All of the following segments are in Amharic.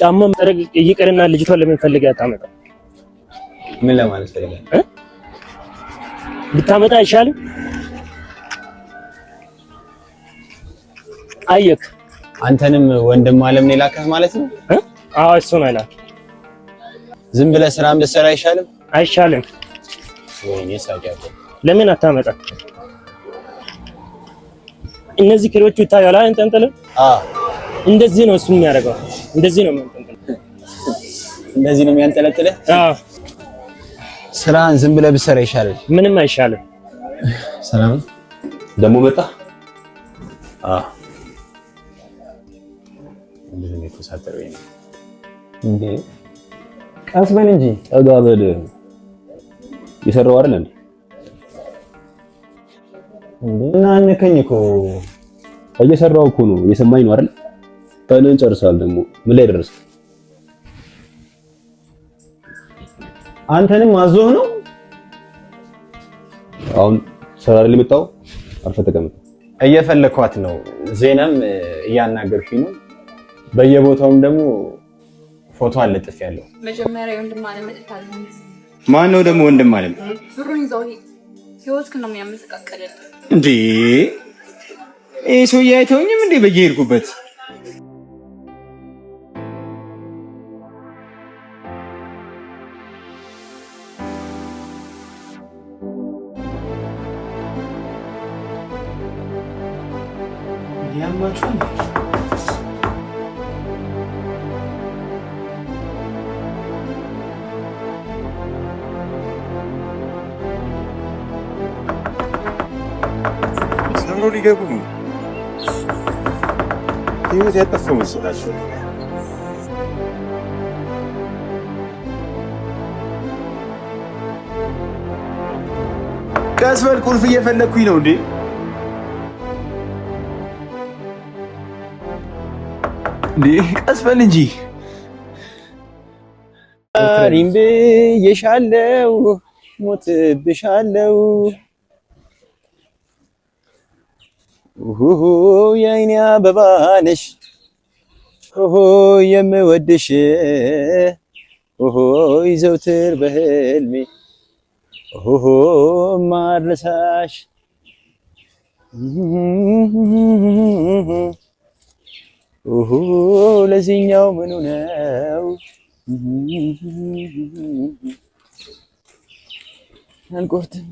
ጫማ ማድረግ ይቅርና ልጅቷን ለምን ፈልጋ ታመጣ? ምን ለማለት ፈልጋ ብታመጣ አይሻልም? አየክ፣ አንተንም ወንድም አለም ነው የላከህ ማለት ነው። አዎ ነው አላት። ዝም ብለህ ስራ እንድትሰራ አይሻልም? አይሻልም። ወይኔ ሳጃቆ ለምን አታመጣ? እነዚህ ክሮቹ ይታያሉ አ እንደዚህ ነው እሱ የሚያደርገው። እንደዚህ ነው እንደዚህ ነው የሚያንጠለጥልህ። ስራን ዝም ብለህ ብትሰራ ይሻላል። ምንም አይሻልም። ሰላም ደግሞ መጣ። ቀስ በል እንጂ ጠጋ በል። የሰራው አይደል እና እኮ እየሰራው እኮ ነው። የሰማኝ ነው አይደል ታዲያ ጨርሳል። ደግሞ ምን ላይ ደረሰ? አንተንም አዞህ ነው። አሁን ስራ አይደል የመጣው? አርፈህ ተቀመጥ። እየፈለኳት ነው። ዜናም እያናገርሽኝ ነው። በየቦታውም ደግሞ ፎቶ አለጥፌያለሁ። መጀመሪያ ወንድም አለ ማን ነው ደግሞ ወንድም አለ? ብሩን ይዘው ነው የሚያመሰቃቅለው እንዴ? ይሄ ሰውዬ አይተውኝም እንዴ በየሄድኩበት ሕይወት ያጠፋው መስላችሁ ቀስ በል ቁልፍ እየፈለግኩኝ ነው እንዴ ቀስ በል እንጂ የሻለው ሞት ብሻለው ሁሁ የአይኔ አበባ ነሽ ሁሁ የምወድሽ ሁሁ ይዘውትር በህልሜ ሁሁ ማርሳሽ ሁሁ ለዚህኛው ምኑ ነው አልቆርጥም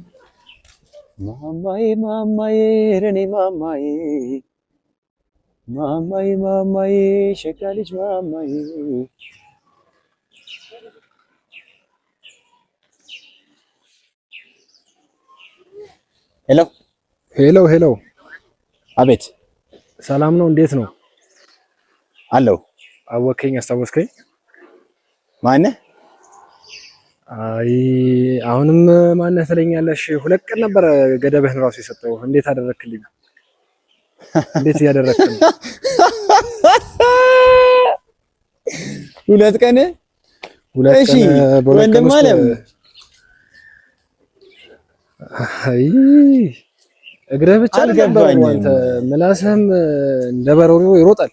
ማማዬ ማማዬ ረኔ ማማዬ ማማዬ ማማዬ ሸጋ ልጅ ማማዬ ሄሎ ሄሎ ሄሎ። አቤት። ሰላም ነው? እንዴት ነው? አለው። አወከኝ፣ አስታወስከኝ። ማነህ? አይ አሁንም ማነህ ትለኛለሽ። ሁለት ቀን ነበረ ገደብህን ራሱ የሰጠው። እንዴት አደረክልኝ? እንዴት እያደረክልኝ? ሁለት ቀን ሁለት ቀን ወንድም አለም። አይ እግርህ ብቻ አልገባኝ። አንተ ምላስህም እንደ በረሮ ይሮጣል።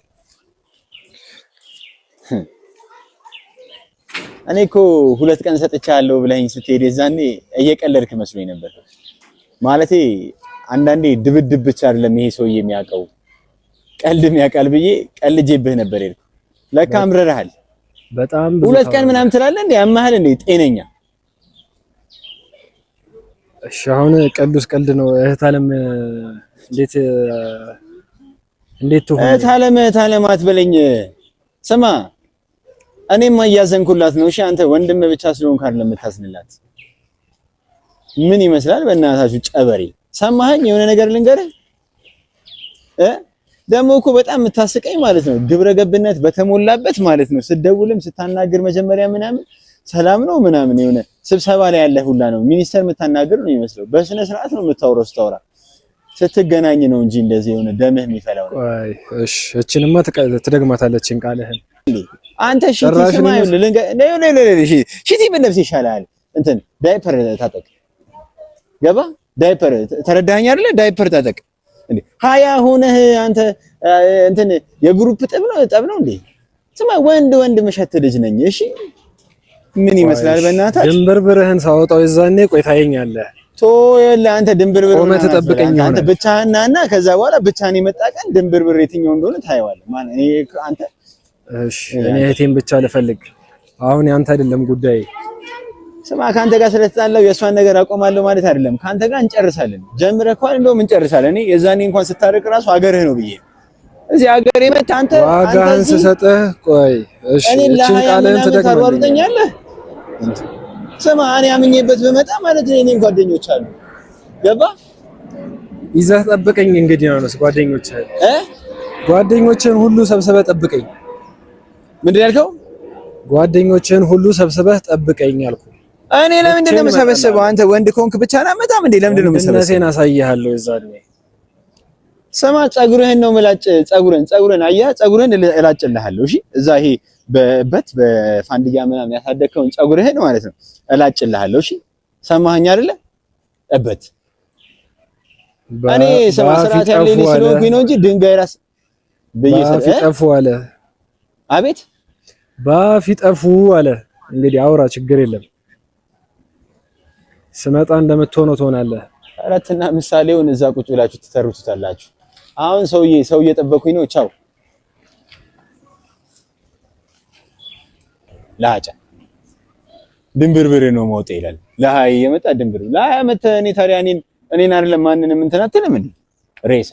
እኔ እኮ ሁለት ቀን ሰጥቻለሁ ብለኝ ስትሄድ የዛኔ እየቀለድክ መስሎኝ ነበር። ማለቴ አንዳንዴ ድብድብ ብቻ አይደለም ይሄ ሰውዬ የሚያውቀው ቀልድ የሚያውቃል ብዬ ቀልጄብህ ነበር ሄድኩ። ለካ አምረርሃል። በጣም ሁለት ቀን ምናምን ትላለህ እንዴ? ያማህል እንዴ? ጤነኛ እሺ። አሁን ቅዱስ ቀልድ ነው። እህት አለም እንዴት እንዴት ትሆን? እህት አለም እህት አለም አትበለኝ። ስማ እኔማ እያዘንኩላት ነው። እሺ አንተ ወንድም ብቻ ስለሆንክ አይደለም የምታዝንላት። ምን ይመስላል? በእናታችሁ ጨበሬ ሰማኸኝ? የሆነ ነገር ልንገርህ እ ደግሞ እኮ በጣም የምታስቀኝ ማለት ነው፣ ግብረ ገብነት በተሞላበት ማለት ነው። ስደውልም ስታናግር መጀመሪያ ምናምን ሰላም ነው ምናምን የሆነ ስብሰባ ላይ ያለ ሁላ ነው ሚኒስተር የምታናግር ነው የሚመስለው። በስነ ስርዓት ነው የምታወራው። ስታወራ ስትገናኝ ነው እንጂ እንደዚህ የሆነ ደምህ የሚፈላው ነው። እሺ እቺንማ ትደግማታለችን ቃልህን አንተ ሽቲ ስማ፣ ሽቲ ብትለብስ ይሻላል። እንትን ዳይፐር ታጠቅ፣ ገባ ዳይፐር ተረዳኸኝ አይደለ? ዳይፐር ታጠቅ። እንዴ ሀያ ሆነህ አንተ እንትን የግሩፕ ጠብ ነው ጠብ ነው እንዴ? ስማ ወንድ ወንድ መሸት ልጅ ነኝ። እሺ ምን ይመስላል? በእናትህ ድንብርብርህን ሳወጣው የዛኔ ቆይ ታየኛለህ። ቶ የለ አንተ ድንብርብር ቆመህ ተጠብቀኝ። አንተ ብቻህን ና እና ከዛ በኋላ ብቻህን የመጣ ቀን ድንብርብር የትኛው እንደሆነ ታየዋለህ። ማለት አንተ እኔ እህቴን ብቻ ልፈልግ። አሁን ያንተ አይደለም ጉዳይ። ስማ ከአንተ ጋር ስለተጣላው የእሷን ነገር አቆማለሁ ማለት አይደለም። ከአንተ ጋር እንጨርሳለን። ጀምረህ እንኳን እንደውም እንጨርሳለን። እኔ የዛኔ እንኳን ስታረቅ ራሱ ሀገርህ ነው ብዬ እዚህ ሀገር የመጣ አንተ ዋጋህን ስሰጥህ ቆይ እሺ፣ እቺን ቃልህን ትደግመኛለህ? ስማ እኔ አምኜበት በመጣ ማለት ነው። እኔም ጓደኞች አሉ። ገባ ይዘህ ጠብቀኝ እንግዲህ ነው ጓደኞች እ ጓደኞችን ሁሉ ሰብስበህ ጠብቀኝ ምንድን ያልከው? ጓደኞችን ሁሉ ሰብስበህ ጠብቀኝ አልኩ። እኔ ለምንድን ነው የምሰበስበው? አንተ ወንድ ኮንክ ብቻ ና መጣም እንዴ? ለምንድን ነው የምሰበስበው? እነሴን አሳይሃለሁ። የዛኔ ስማ፣ ፀጉርህን ነው ምላጭ። ፀጉርን ፀጉርን አያ ፀጉርን እላጭልሃለሁ። እሺ፣ እዛ ይሄ በበት በፋንድያ ምናምን ያሳደግከውን ፀጉርህን ማለት ነው እላጭልሃለሁ። እሺ፣ ሰማኸኝ አይደለ? እበት እኔ ስማ፣ ስርዓት ያለኝ ስለሆንኩኝ ነው እንጂ ድንጋይ ራስ ጠፉ አለ። አቤት ባፍ ይጠፉ አለ። እንግዲህ አውራ ችግር የለም። ስመጣ እንደምትሆነው ትሆናለህ። ምሳሌውን እዛ ቁጭ ብላችሁ ትተርቱታላችሁ። አሁን ሰውዬ ሰው እየጠበኩኝ ነው። ቻው ላጫ ድንብርብሬ ነው መውጤ ይላል። ለሀይ የመጣ ድንብር ለሀይ መተህ እኔ ታዲያ እኔን እኔን አይደለም ማንንም እንትን አትልም እንዴ ሬሳ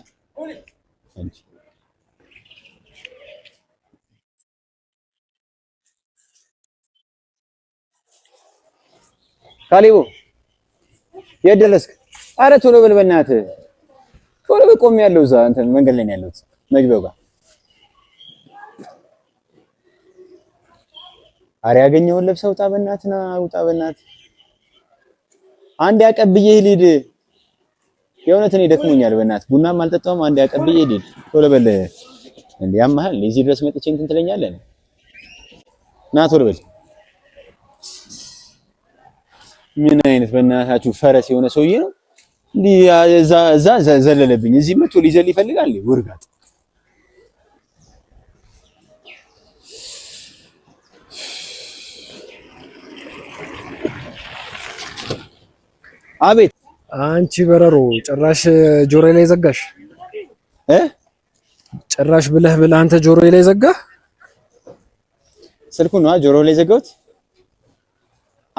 ካሊቡ የት ደረስክ? አረ ቶሎ በል በእናትህ ቶሎ በል። ያለው እዛ አንተ መንገድ ላይ ነው ያለሁት መግቢያው ጋር። አረ ያገኘውን ለብሰህ ውጣ በእናትህ ና ውጣ በእናትህ አንድ ያቀብዬ ሊድ የእውነት እኔ ደክሞኛል በእናትህ ቡናም አልጠጣሁም። አንድ ያቀብዬ ሊድ ቶሎ በል እንዴ ያመሃል። እዚህ ድረስ መጥቼ እንትን ትለኛለህ። ና ቶሎ በል ምን አይነት በእናታችሁ ፈረስ የሆነ ሰውዬ ነው። እዛ ዘለለብኝ፣ እዚህ መቶ ሊዘል ይፈልጋል። ውርጋጥ አቤት አንቺ በረሮ ጭራሽ ጆሮ ላይ ዘጋሽ እ ጭራሽ ብለህ ብለህ አንተ ጆሮ ላይ ዘጋ። ስልኩን ነዋ ጆሮ ላይ ዘጋሁት።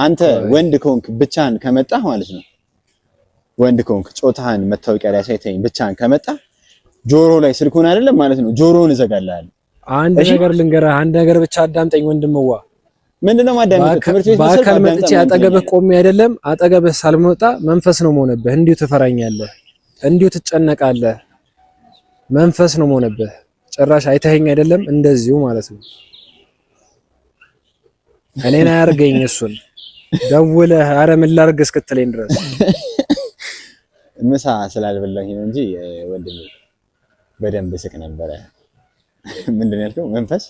አንተ ወንድ ከሆንክ ብቻን ከመጣህ ማለት ነው። ወንድ ከሆንክ ጾታህን መታወቂያ ላይ ሳይተኝ ብቻን ከመጣህ ጆሮ ላይ ስልኩን አይደለም ማለት ነው፣ ጆሮውን እዘጋልሃለሁ። አንድ ነገር ልንገርህ፣ አንድ ነገር ብቻ አዳምጠኝ ወንድምዋ። ምንድነው ማዳመጥ? ትምህርት ቤት በአካል መጥቼ አጠገብህ ቆሜ አይደለም፣ አጠገብህ ሳልመጣ መንፈስ ነው መሆንብህ። እንዲሁ ትፈራኛለህ፣ እንዲሁ ትጨነቃለህ። መንፈስ ነው መሆንብህ። ጭራሽ አይተኸኝ አይደለም፣ እንደዚሁ ማለት ነው። እኔን አያርገኝ እሱን ደውለህ አረ ምን ላድርግ እስክትለኝ ድረስ ምሳ ስላልበላኝ ነው እንጂ ወንድም በደንብ ስቅ ነበረ። ምንድን ነው ያልከው? መንፈስ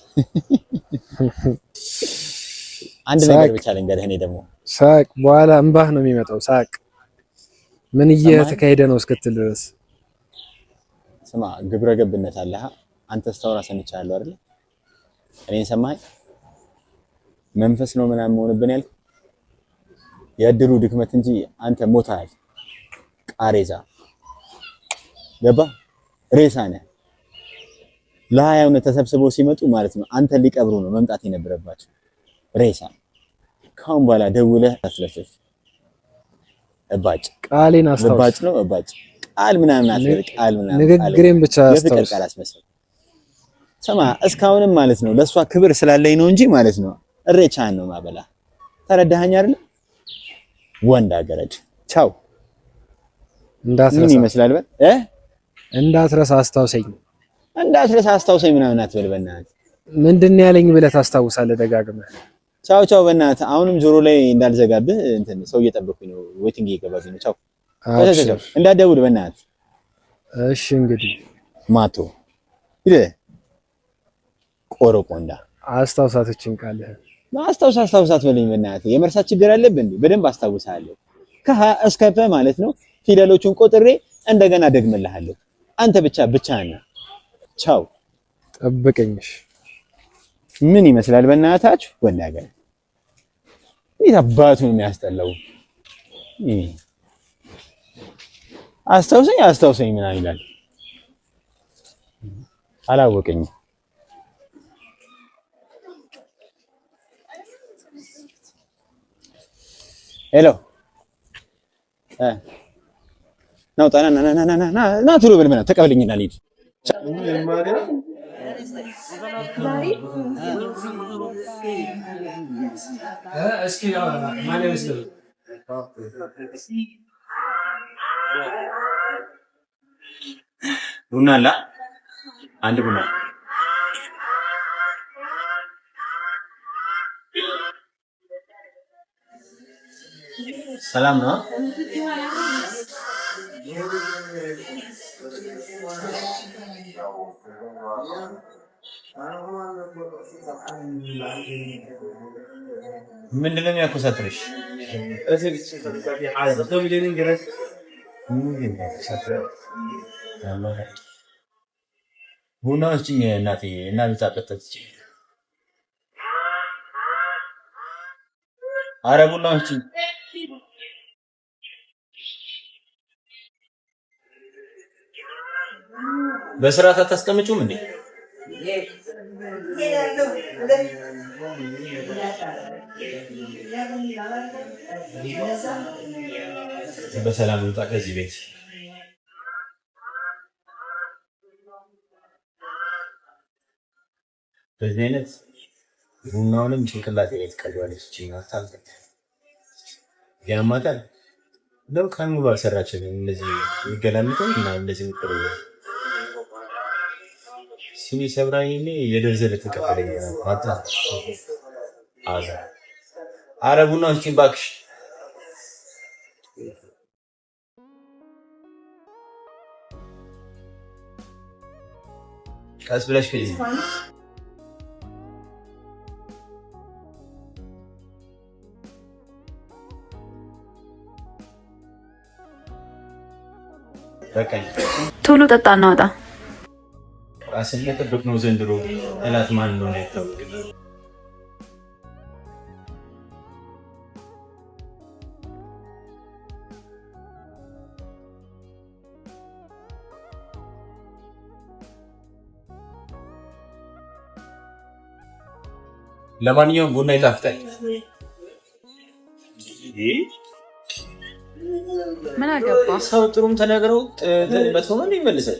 አንድ ነገር ብቻ ልንገርህ። እኔ ደግሞ ሳቅ በኋላ እንባህ ነው የሚመጣው። ሳቅ ምን እየተካሄደ ነው እስክትል ድረስ ስማ፣ ግብረ ገብነት አለህ አንተ ስታወራ ሰምቻለሁ አይደል? እኔን ሰማኸኝ። መንፈስ ነው ምናምን መሆንብን ያልከው የእድሉ ድክመት እንጂ አንተ ሞታል። ቃሬዛ ገባ ሬሳ ነህ። ለሀያው ተሰብስበው ሲመጡ ማለት ነው አንተ ሊቀብሩ ነው መምጣት የነበረባቸው ሬሳ። ካሁን በኋላ ደውለህ አስለፍፍ። እባጭ ቃሌን አስተውል። እባጭ ነው እባጭ ቃል ምናምን አትበል። ቃል ምናምን ንግግሬን ብቻ አስተውል። ቃል አስመስል። ስማ እስካሁንም ማለት ነው ለእሷ ክብር ስላለኝ ነው እንጂ ማለት ነው እሬቻን ነው ማበላ። ተረዳኸኝ አይደል? ወንድ አገረድ ቻው። ምን ይመስላል በል እ እንዳትረሳ አስታውሰኝ፣ እንዳትረሳ አስታውሰኝ ምናምን አትበል በእናትህ። ምንድን ነው ያለኝ ብለህ ታስታውሳለህ ደጋግመህ። ቻው ቻው በእናትህ። አሁንም ጆሮ ላይ እንዳልዘጋብህ እንትን ሰው እየጠበኩኝ ነው፣ ዌቲንግ እየገባብኝ ነው። ቻው እንዳትደውል በእናትህ። እሺ እንግዲህ ማቶ ይደ ቆረቆንዳ አስታውሳቶችን ቃልህ አስታውሳ አስታውሳት በለኝ በእናትህ። የመርሳት ችግር አለብህ እንዴ? በደንብ አስታውሳለሁ። ከሀ እስከ ማለት ነው ፊደሎቹን ቆጥሬ እንደገና ደግምልሃለሁ። አንተ ብቻ ብቻህን ቻው። ጠብቀኝሽ። ምን ይመስላል በእናታችሁ? ወላገር እንዴት አባቱ ነው የሚያስጠላው። አስታውሰኝ አስታውሰኝ ምናምን ይላል። አላወቀኝም። ሄሎ ናውጣ ና ቶሎ በል ምናምን ተቀበለኝና ልሂድ። ቡና አላ አንድ ቡና ሰላም ነው። ምንድን ነው የሚያኮሳትርሽ? ቡና ውስጭኝ እናቴ እና አረ ቡና ውስጭኝ በስርዓት አታስቀምጪውም እንዴ? በሰላም ልውጣ ከዚህ ቤት። በዚህ አይነት ቡናውንም ጭንቅላት ቤት ቀዷለች። ችኛታል ያማታል ለው ከኑ ባልሰራችን እነዚህ የሚገላምጠው እና እነዚህ የሚጥሩ ሲቪ ሰብራይኒ የደርዘለ ተቀበለኝ ማጣ አዛ አረቡና ውጪ ባክሽ ቀስ ብለሽ ከዚህ ቶሎ ጠጣ እናወጣ ራስን የጠበቅ ነው ዘንድሮ ጠላት ማን እንደሆነ ይታወቅ። ለማንኛውም ቡና ይጣፍጣል። ምን አገባ ሰው ጥሩም ተነግረው በቶመን ይመልሳል።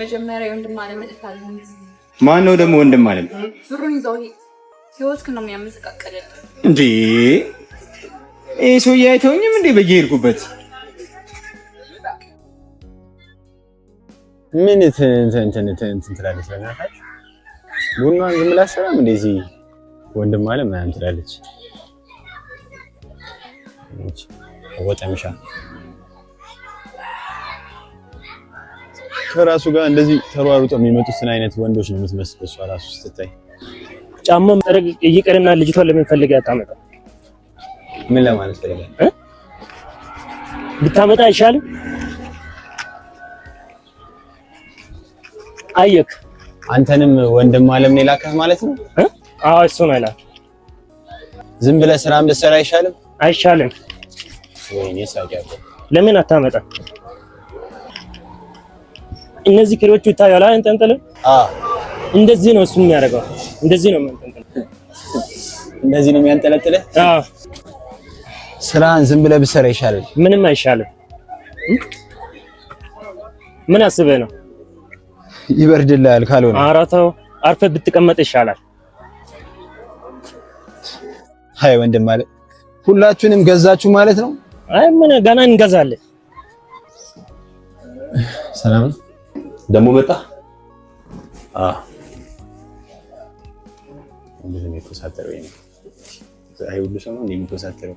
መጀመሪያ የወንድም አለም እጥፋል። ማን ነው ደግሞ ወንድም አለም? ብሩን ይዘው ህይወትክ ነው የሚያመሰቃቀልል እንዴ? ይህ ሰውዬ አይተውኝም እንዴ? በየሄድኩበት ምን እንትን ትላለች። በእናታችሁ ቡናን ዝም ብላ ሰላም እንደዚህ ወንድም አለም ምናምን ትላለች። ወጠምሻ ከራሱ ጋር እንደዚህ ተሯሩጦ የሚመጡትን አይነት ወንዶች ነው የምትመስል እሷ ራሱ ስትታይ። ጫማ መረግ ይቅርና ልጅቷን ለምን ፈልጋ ታመጣ? ምን ለማለት ፈልጋ ብታመጣ አይሻልም? አየክ፣ አንተንም ወንድም አለም የላከህ ማለት ነው። አዎ እሱ ነው ያላት። ዝም ብለህ ስራም ብትሰራ አይሻልም? አይሻልም። ወይኔ ሳቂያለሁ። ለምን አታመጣ እነዚህ ክሮቹ ይታያል አንጠልጥለ። እንደዚህ ነው እሱ የሚያደርገው። እንደዚህ ነው የሚያንጠለጥለ። እንደዚህ ነው የሚያንጠለጥለ። ስራን ዝም ብለህ ብትሰራ ይሻላል። ምንም አይሻልም። ምን አስበህ ነው? ይበርድልሃል። ካልሆነ ኧረ ተው፣ አርፈህ ብትቀመጥ ይሻላል። አይ ወንድም ማለት ሁላችሁንም ገዛችሁ ማለት ነው። አይ ምን ገና እንገዛለን። ሰላም ደግሞ መጣ። አዎ ምንም የተሳተረ ወይ ነው ሁሉ ሰሞን የሚተሳተረው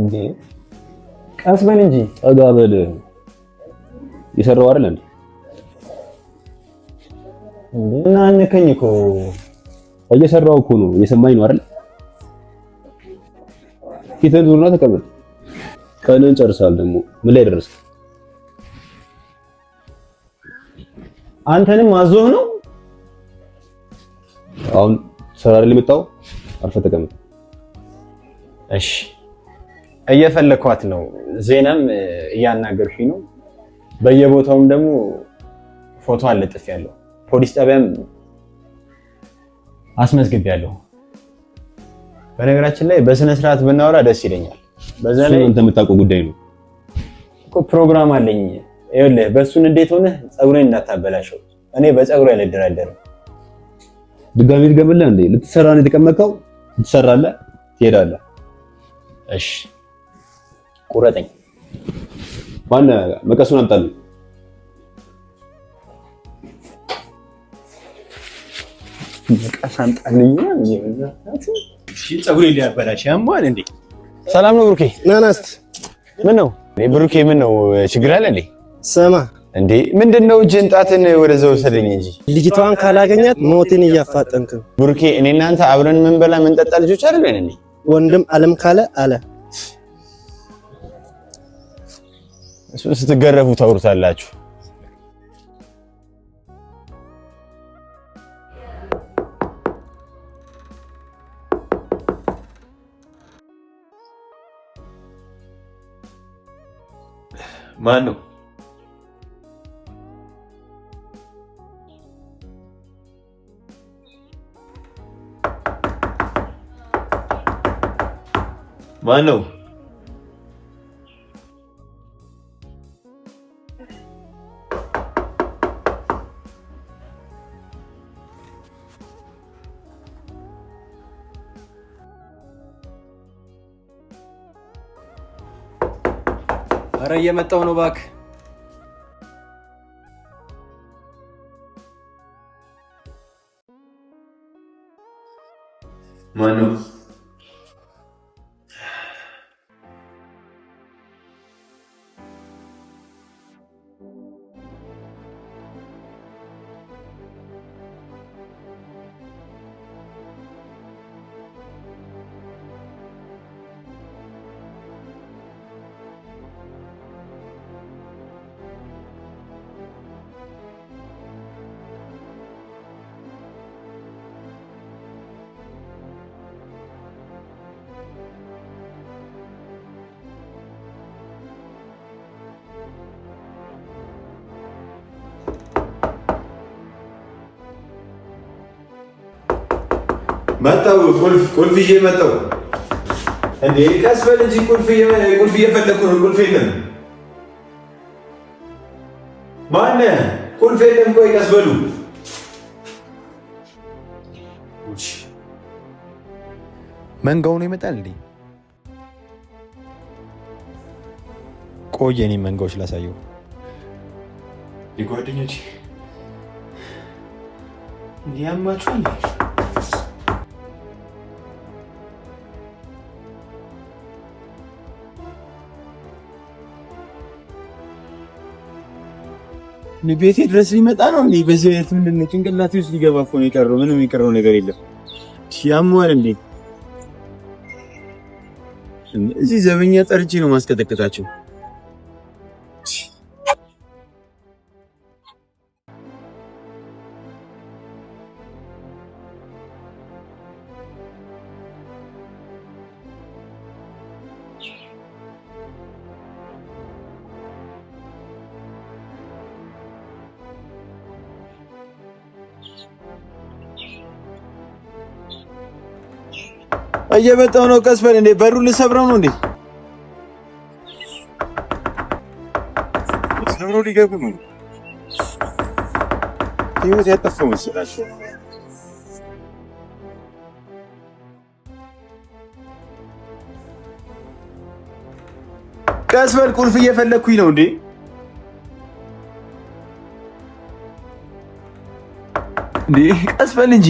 እንዴ ቀስ በል እንጂ ጠጋ በል የሰራው አይደል እንዴ እና አነከኝ እኮ እየሰራው እኮ ነው እየሰማኝ ነው አይደል ፊትህን ዙርና ተቀመጥ። ቀንን ጨርሳል። ደግሞ ምን ላይ ደረሰ? አንተንም አዞህ ነው። አሁን ስራ አይደል የመጣው? አርፈህ ተቀመጥ። እሺ፣ እየፈለኳት ነው። ዜናም እያናገርኩኝ ነው። በየቦታውም ደግሞ ፎቶ አለጥፍ ያለው ፖሊስ ጣቢያም አስመዝግቤያለሁ። በነገራችን ላይ በስነ ስርዓት ብናወራ ደስ ይለኛል። በዛ ላይ አንተ የምታውቀው ጉዳይ ነው እኮ ፕሮግራም አለኝ። ይኸውልህ በእሱን እንዴት ሆነህ ፀጉሬን እንዳታበላሸው። እኔ በፀጉሬ አልደራደርም። ድጋሚ ልገምልህ እንዴ ልትሰራ ነው የተቀመጥከው? ትሰራለህ፣ ትሄዳለህ። እሺ ቁረጠኝ። ማነህ መቀሱን አምጣልኝ። መቀስ አምጣልኝ ጸጉር ሊያበላሽ ያሟል እንዴ? ሰላም ነው ብሩኬ? ናናስት ምን ነው ብሩኬ? ምን ነው ችግር አለ እንዴ? ሰማ እንዴ ምንድን ነው? እጅን ጣትን ወደዛ ወሰደኝ እንጂ ልጅቷን ካላገኛት ሞትን እያፋጠንክ ብሩኬ። እኔ እናንተ አብረን ምንበላ ምንጠጣ ልጆች አይደለን እንዴ? ወንድም አለም ካለ አለ እሱን ስትገረፉ ታውሩታላችሁ። mano. Mano. ኧረ ነው መጣሁ። ቁልፍ ቁልፍ ይዤ መጣሁ። እንዴ ቀስ በል እንጂ ቁልፍ ቁልፍ እየፈለኩ ነው። ቁልፍ የለም። ማነ ቁልፍ የለም። ቆይ ቀስ በሉ። መንጋው ነው ይመጣል እንዴ? ቆይ እኔ መንጋዎች ላሳየው የጓደኞች እንዲህ ያማችሁ ቤቴ ድረስ ሊመጣ ነው እንዴ? በዚህ አይነት ምንድን ነው? ጭንቅላቴ ውስጥ ሊገባ እኮ ነው የቀረው። ምንም የቀረው ነገር የለም። ያሟል እንዴ? እዚህ ዘበኛ ጠርቼ ነው ማስቀጠቅጣቸው። እየመጣሁ ነው። ቀስ በል እንዴ! በሩ ልሰብረው ነው እንዴ? ሰብረው ሊገቡ ነው። ህይወት ያጠፋው መሰላቸው። ቀስ በል ቁልፍ እየፈለግኩኝ ነው እንዴ! ቀስ በል እንጂ